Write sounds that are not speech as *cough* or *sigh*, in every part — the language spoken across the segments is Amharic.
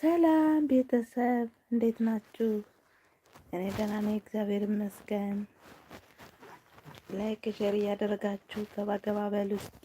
ሰላም ቤተሰብ እንዴት ናችሁ? እኔ ደህና ነኝ፣ እግዚአብሔር ይመስገን። ላይክ ሼር እያደረጋችሁ ገባ ገባ በሉ እስኪ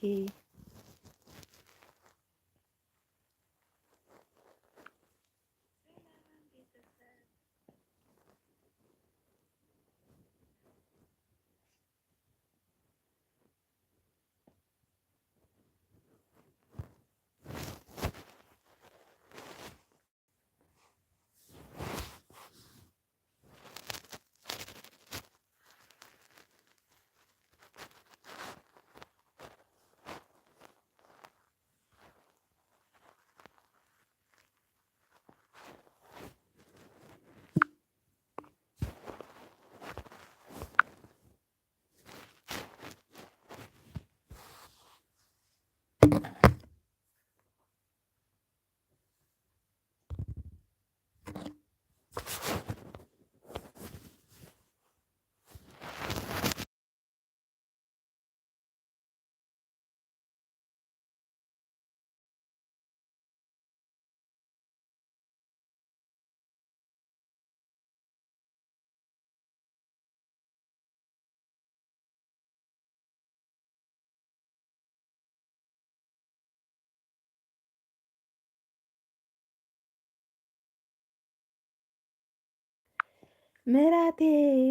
ምራቴ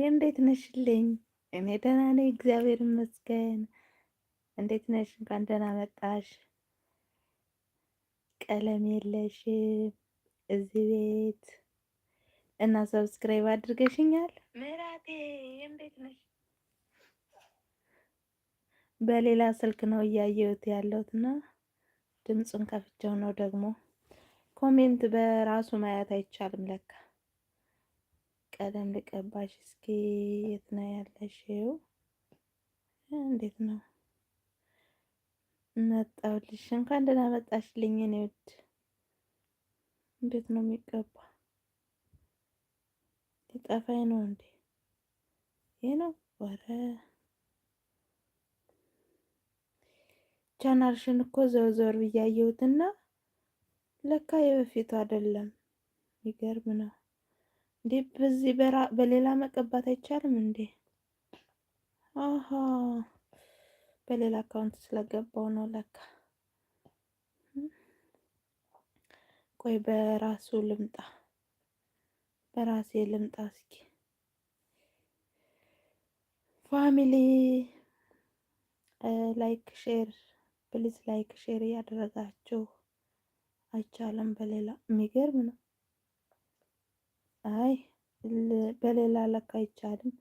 እንዴት ነሽልኝ? እኔ ደህና ነኝ እግዚአብሔር ይመስገን። እንዴት ነሽ? እንኳን ደህና መጣሽ። ቀለም የለሽም እዚህ ቤት እና ሰብስክራይብ አድርገሽኛል። ምራቴ እንዴት ነሽ? በሌላ ስልክ ነው እያየሁት ያለሁት እና ድምፁን ከፍቼው ነው ደግሞ ኮሜንት በራሱ ማየት አይቻልም ለካ ቀለም ልቀባሽ። እስኪ የት ነው ያለሽው? እንዴት ነው መጣሁልሽ። እንኳን ደህና መጣሽልኝ። እኔ ውድ እንዴት ነው የሚቀባ? ሊጠፋኝ ነው እንዴ? ይህ ነው ወረ ቻናልሽን እኮ ዘወር ዘወር ብዬ ለካ የበፊቱ አይደለም። ይገርም ነው። እንዴ በዚህ በሌላ መቀባት አይቻልም እንዴ? አሃ በሌላ አካውንት ስለገባው ነው ለካ። ቆይ በራሱ ልምጣ፣ በራሴ ልምጣ እስኪ። ፋሚሊ ላይክ ሼር ፕሊዝ፣ ላይክ ሼር እያደረጋችሁ አይቻልም በሌላ የሚገርም ነው። አይ በሌላ ለካ አይቻልም፣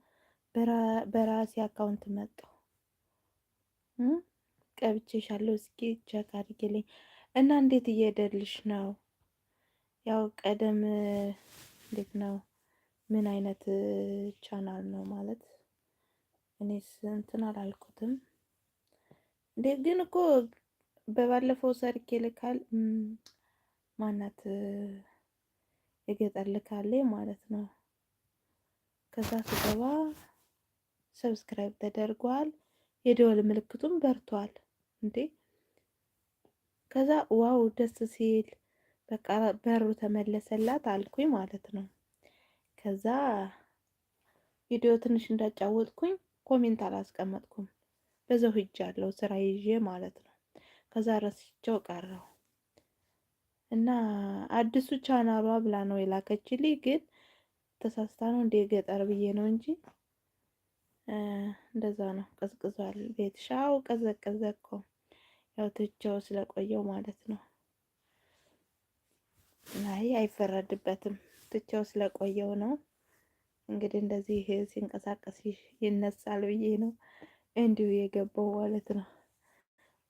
በራሴ አካውንት መጣው ቀብቼሻለሁ፣ እስኪ ቼክ አድርጊልኝ እና እንዴት እየሄደልሽ ነው? ያው ቀደም እንዴት ነው? ምን አይነት ቻናል ነው ማለት እኔ ስንትን አላልኩትም እንዴት ግን እኮ በባለፈው ሰርኬ ልካል ማናት የገጠር ልካሌ ማለት ነው። ከዛ ስገባ ሰብስክራይብ ተደርጓል፣ የደወል ምልክቱም በርቷል እንዴ። ከዛ ዋው ደስ ሲል በቃ በሩ ተመለሰላት አልኩኝ ማለት ነው። ከዛ ቪዲዮ ትንሽ እንዳጫወትኩኝ ኮሜንት አላስቀመጥኩም፣ በዛው ሂጃለሁ ስራ ይዤ ማለት ነው። ከዛ ረስቸው ቀረው። እና አዲሱ ቻናሏ ብላ ነው የላከችልኝ። ግን ተሳስታ ነው እንደ ገጠር ብዬ ነው እንጂ እንደዛ ነው። ቀዝቅዟል ቤት ሻው ቀዘቀዘ እኮ ያው ትቼው ስለቆየው ማለት ነው። አይ አይፈረድበትም፣ ትቼው ስለቆየው ነው። እንግዲህ እንደዚህ ሲንቀሳቀስ ይነሳል ብዬ ነው እንዲሁ የገባው ማለት ነው።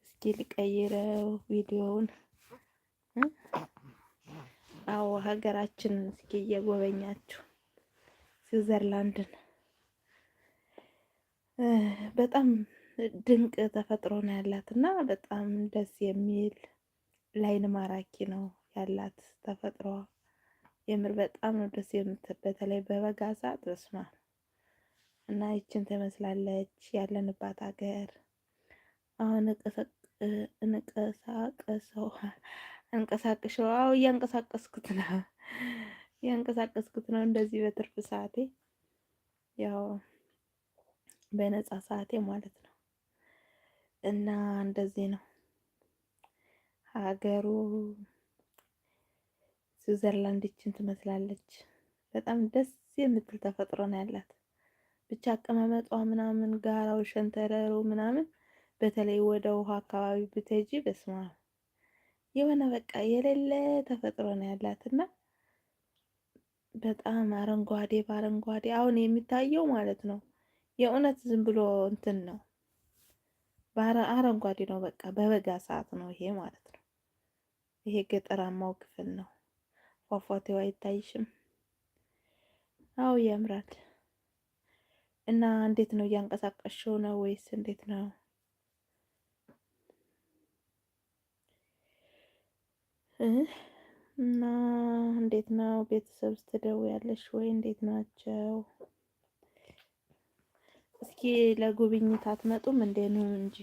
እስኪ ልቀይረው ቪዲዮውን አዎ ሀገራችን እስኪ እየጎበኛችሁ ስዊዘርላንድን በጣም ድንቅ ተፈጥሮ ነው ያላት እና በጣም ደስ የሚል ላይን ማራኪ ነው ያላት ተፈጥሮ። የምር በጣም ነው ደስ የምት በተለይ በበጋ ሰዓት በስማ እና ይችን ትመስላለች ያለንባት ሀገር አሁን እንቀሳቀሰው አንቀሳቅሸው። አዎ እያንቀሳቀስኩት ነው *laughs* እያንቀሳቀስኩት ነው እንደዚህ በትርፍ ሰዓቴ ያው በነፃ ሰዓቴ ማለት ነው። እና እንደዚህ ነው ሀገሩ። ስዊዘርላንድችን ትመስላለች። በጣም ደስ የምትል ተፈጥሮ ነው ያላት። ብቻ አቀማመጧ ምናምን፣ ጋራው፣ ሸንተረሩ ምናምን በተለይ ወደ ውሃ አካባቢ ብትሄጂ በስማ የሆነ በቃ የሌለ ተፈጥሮ ነው ያላት እና በጣም አረንጓዴ በአረንጓዴ አሁን የሚታየው ማለት ነው። የእውነት ዝም ብሎ እንትን ነው አረንጓዴ ነው። በቃ በበጋ ሰዓት ነው ይሄ ማለት ነው። ይሄ ገጠራማው ክፍል ነው። ፏፏቴው አይታይሽም? አው ያምራል። እና እንዴት ነው እያንቀሳቀሽው ነው ወይስ እንዴት ነው? እና እንዴት ነው ቤተሰብ ስትደው ያለሽ ወይ? እንዴት ናቸው? እስኪ ለጉብኝት አትመጡም እንዴ? ነው እንጂ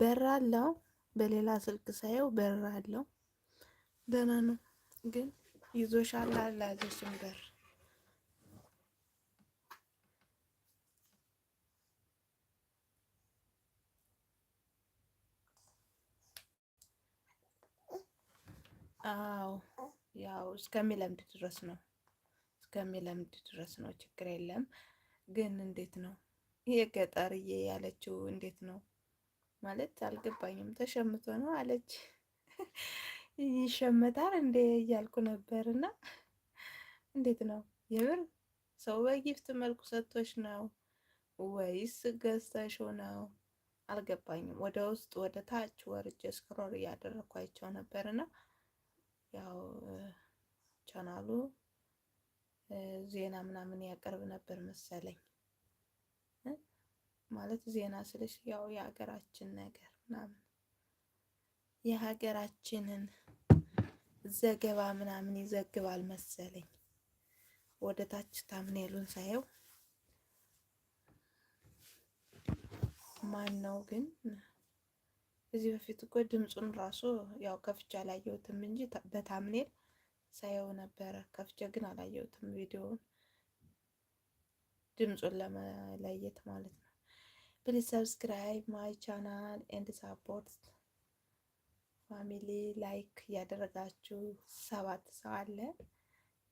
በር አለው። በሌላ ስልክ ሳየው በር አለው። ደህና ነው ግን ይዞሻል አላዘሽም በር አዎ ያው እስከሚለምድ ድረስ ነው። እስከሚለምድ ድረስ ነው። ችግር የለም። ግን እንዴት ነው ይሄ ገጠርዬ ያለችው እንዴት ነው? ማለት አልገባኝም። ተሸምቶ ነው አለች። ይሸመታል እንዴ እያልኩ ነበር። እና እንዴት ነው የምር ሰው በጊፍት መልኩ ሰጥቶች ነው ወይስ ገዝተሽው ነው? አልገባኝም። ወደ ውስጥ ወደ ታች ወርጄ ስክሮል እያደረኳቸው እና ያው ቻናሉ ዜና ምናምን ያቀርብ ነበር መሰለኝ። ማለት ዜና ስልሽ ያው የሀገራችን ነገር ምናምን የሀገራችንን ዘገባ ምናምን ይዘግባል መሰለኝ። ወደ ታች ታምኔሉን ሳየው ማን ነው ግን እዚህ በፊት እኮ ድምፁን ራሱ ያው ከፍቼ አላየሁትም እንጂ በታምኔል ሳየው ነበረ። ከፍቼ ግን አላየሁትም ቪዲዮውን ድምፁን ለመለየት ማለት ነው። Please subscribe my channel and support ፋሚሊ ላይክ እያደረጋችሁ ሰባት ሰው አለ።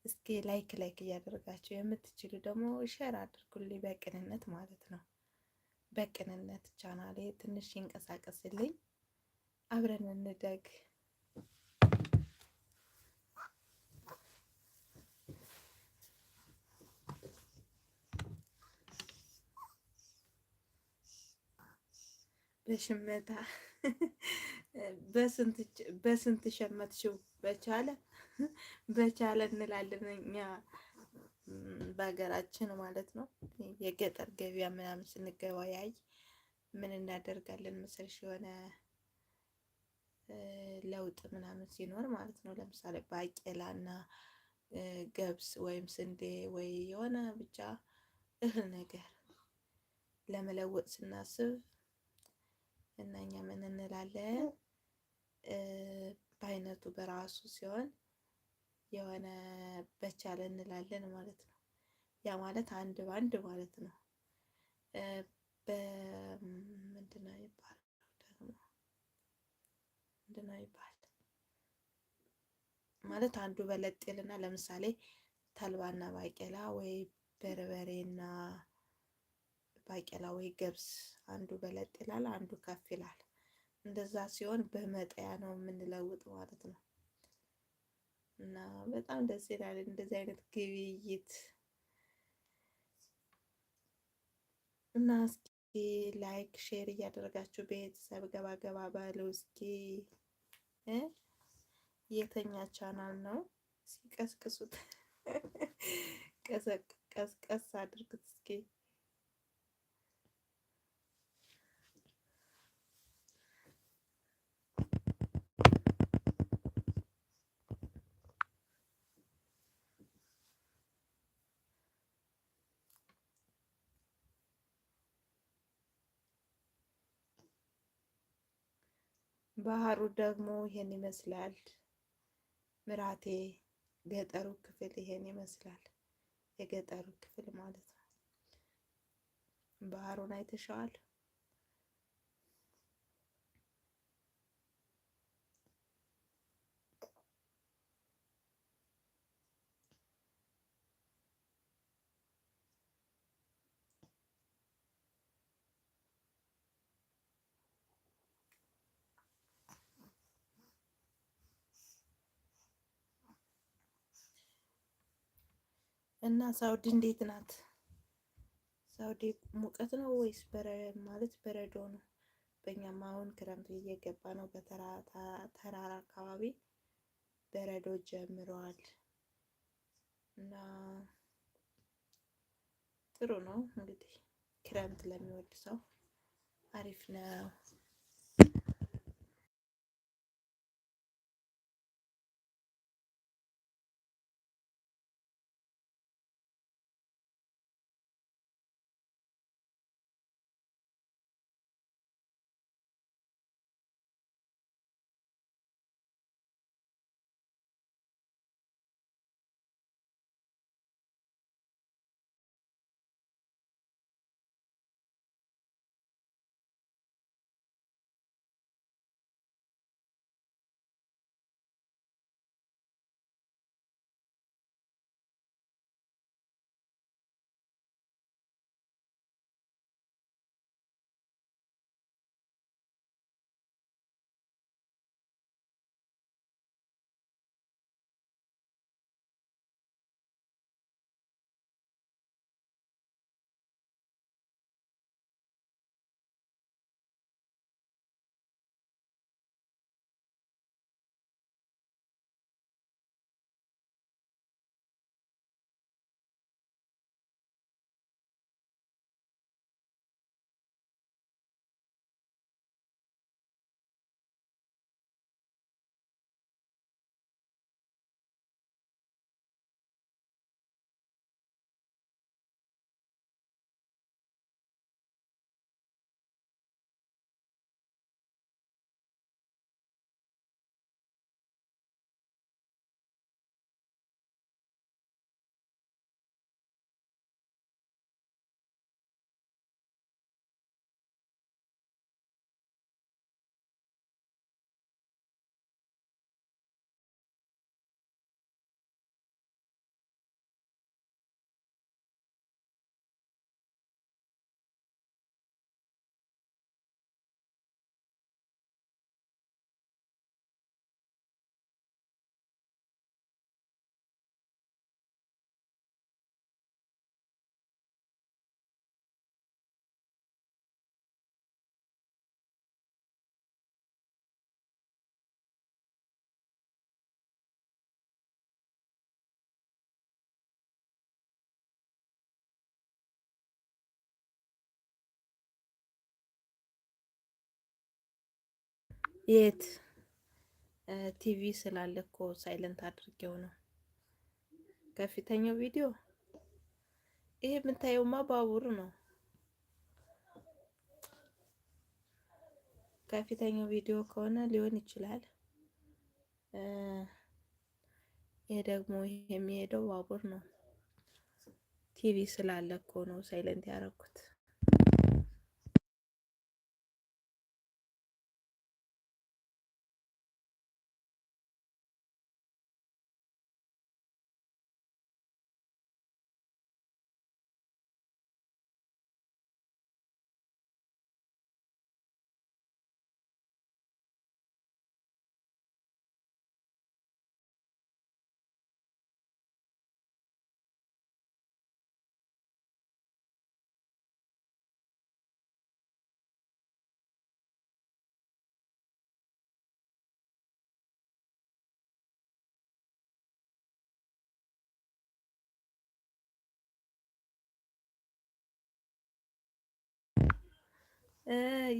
እስኪ ላይክ ላይክ እያደረጋችሁ የምትችሉ ደግሞ ሼር አድርጉልኝ፣ በቅንነት ማለት ነው። በቅንነት ቻናሌ ትንሽ ይንቀሳቀስልኝ፣ አብረን እንደግ። በሽመታ በስንት ሸመትሽው? በቻለ በቻለ እንላለን እኛ በሀገራችን ማለት ነው። የገጠር ገበያ ምናምን ስንገበያይ ምን እናደርጋለን መሰልሽ? የሆነ ለውጥ ምናምን ሲኖር ማለት ነው። ለምሳሌ ባቄላና ገብስ ወይም ስንዴ ወይ የሆነ ብቻ እህል ነገር ለመለወጥ ስናስብ እና እኛ ምን እንላለን? በአይነቱ በራሱ ሲሆን የሆነ በቻለ እንላለን ማለት ነው። ያ ማለት አንድ በአንድ ማለት ነው። ምንድን ነው የሚባለው ደግሞ ምንድን ነው ማለት አንዱ በለጤልና ለምሳሌ ተልባና ባቄላ ወይ በርበሬና ባቄላ ወይ ገብስ አንዱ በለጥ ይላል፣ አንዱ ከፍ ይላል። እንደዛ ሲሆን በመጠያ ነው የምንለውጥ ማለት ነው። እና በጣም ደስ ይላል እንደዚህ አይነት ግብይት እና እስኪ ላይክ ሼር እያደረጋችሁ ቤተሰብ ገባ ገባ ባሉ እስኪ የተኛ ቻናል ነው ሲቀስቅሱት *laughs* ቀስቀስ አድርጉት እስኪ ባህሩ ደግሞ ይሄን ይመስላል። ምራቴ ገጠሩ ክፍል ይሄን ይመስላል። የገጠሩ ክፍል ማለት ነው። ባህሩን አይተሸዋል። እና ሳውዲ እንዴት ናት? ሳውዲ ሙቀት ነው ወይስ ማለት በረዶ ነው? በእኛም አሁን ክረምት እየገባ ነው። በተራራ አካባቢ በረዶ ጀምረዋል እና ጥሩ ነው እንግዲህ ክረምት ለሚወድ ሰው አሪፍ ነው። የት ቲቪ ስላለ እኮ ሳይለንት አድርጌው ነው። ከፊተኛው ቪዲዮ ይሄ የምታየውማ ባቡር ነው። ከፊተኛው ቪዲዮ ከሆነ ሊሆን ይችላል። ይሄ ደግሞ የሚሄደው ባቡር ነው። ቲቪ ስላለ እኮ ነው ሳይለንት ያደረኩት።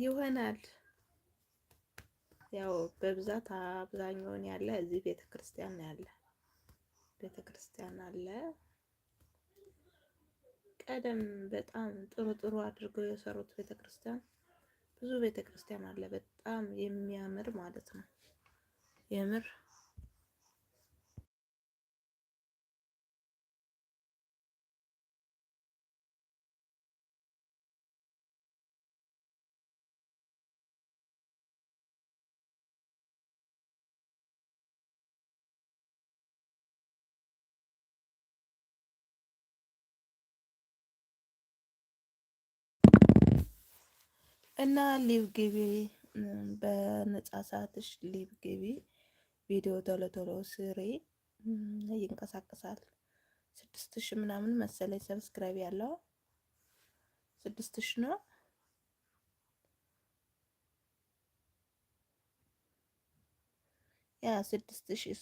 ይሆናል። ያው በብዛት አብዛኛውን ያለ እዚህ ቤተ ክርስቲያን ያለ ቤተ ክርስቲያን አለ። ቀደም በጣም ጥሩ ጥሩ አድርገው የሰሩት ቤተ ክርስቲያን ብዙ ቤተ ክርስቲያን አለ። በጣም የሚያምር ማለት ነው የምር እና ሊቭ ግቢ፣ በነጻ ሰዓትሽ ሊቭ ግቢ፣ ቪዲዮ ቶሎ ቶሎ ስሪ። ይንቀሳቀሳል። ስድስት ሺ ምናምን መሰለኝ ሰብስክራይብ ያለው ስድስት ሺ ነው። ያ ስድስት ሺ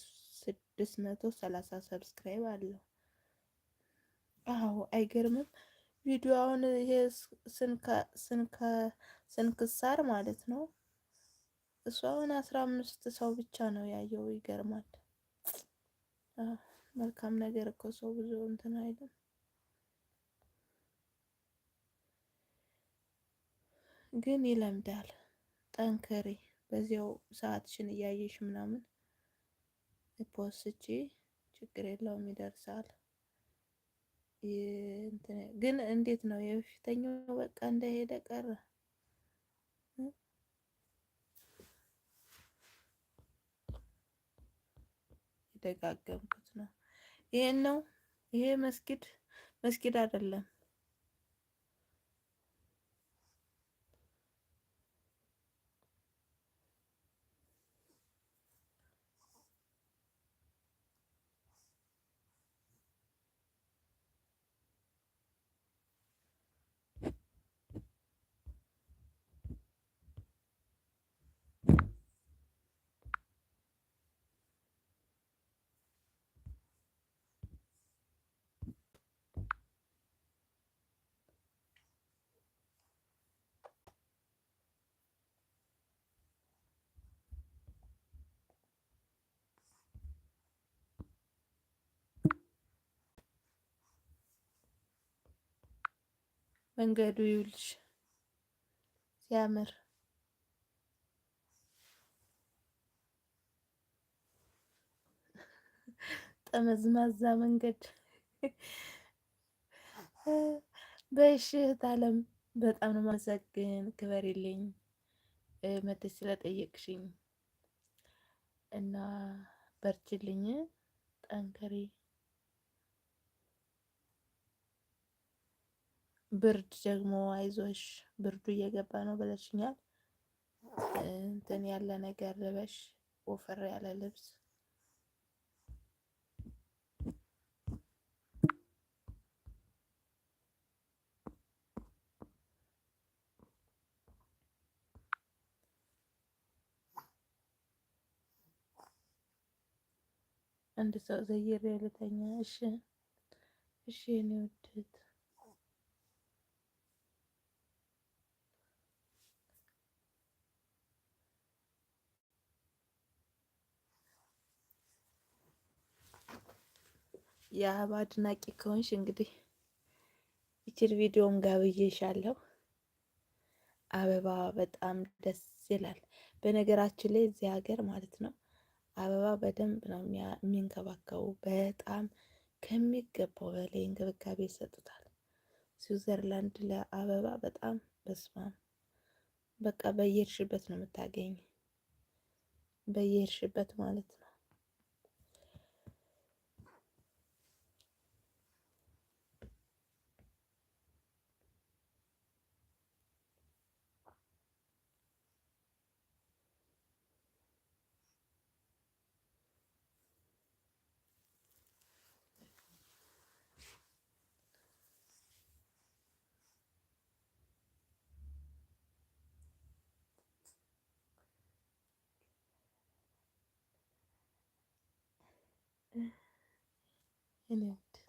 ስድስት መቶ ሰላሳ ሰብስክራይብ አለው። አዎ አይገርምም? ቪዲዮውን ይሄ ስንከ ስንከ ስንክሳር ማለት ነው። እሷን አስራ አምስት ሰው ብቻ ነው ያየው። ይገርማል። መልካም ነገር እኮ ሰው ብዙ እንትን አይልም። ግን ይለምዳል። ጠንከሪ። በዚያው ሰዓትሽን እያየሽ ምናምን ፖስቺ ችግር የለውም ይደርሳል። ግን እንዴት ነው የበፊተኛው? በቃ እንደሄደ ቀረ። እየደጋገምኩት ነው። ይሄን ነው። ይሄ መስጊድ መስጊድ አይደለም። መንገዱ ይውልሽ ሲያምር ጠመዝማዛ መንገድ በሽ እህት አለም በጣም ነው ማመሰግን። ክበር የለኝ መተሽ ስለጠየቅሽኝ እና በርችልኝ፣ ጠንክሪ ብርድ ደግሞ አይዞሽ ብርዱ እየገባ ነው ብለሽኛል። እንትን ያለ ነገር ልበሽ፣ ወፈር ያለ ልብስ አንድ ሰው ዘየር ያለተኛ እሺ፣ እሺ፣ እኔ ወደት የአበባ አድናቂ ከሆንሽ እንግዲህ ይችል ቪዲዮም ጋብዬሻለሁ። አበባ በጣም ደስ ይላል። በነገራችን ላይ እዚህ ሀገር ማለት ነው አበባ በደንብ ነው የሚንከባከቡ። በጣም ከሚገባው በላይ እንክብካቤ ይሰጡታል። ስዊዘርላንድ ለአበባ በጣም በስማ በቃ በየሄድሽበት ነው የምታገኝ፣ በየሄድሽበት ማለት ነው። Amen.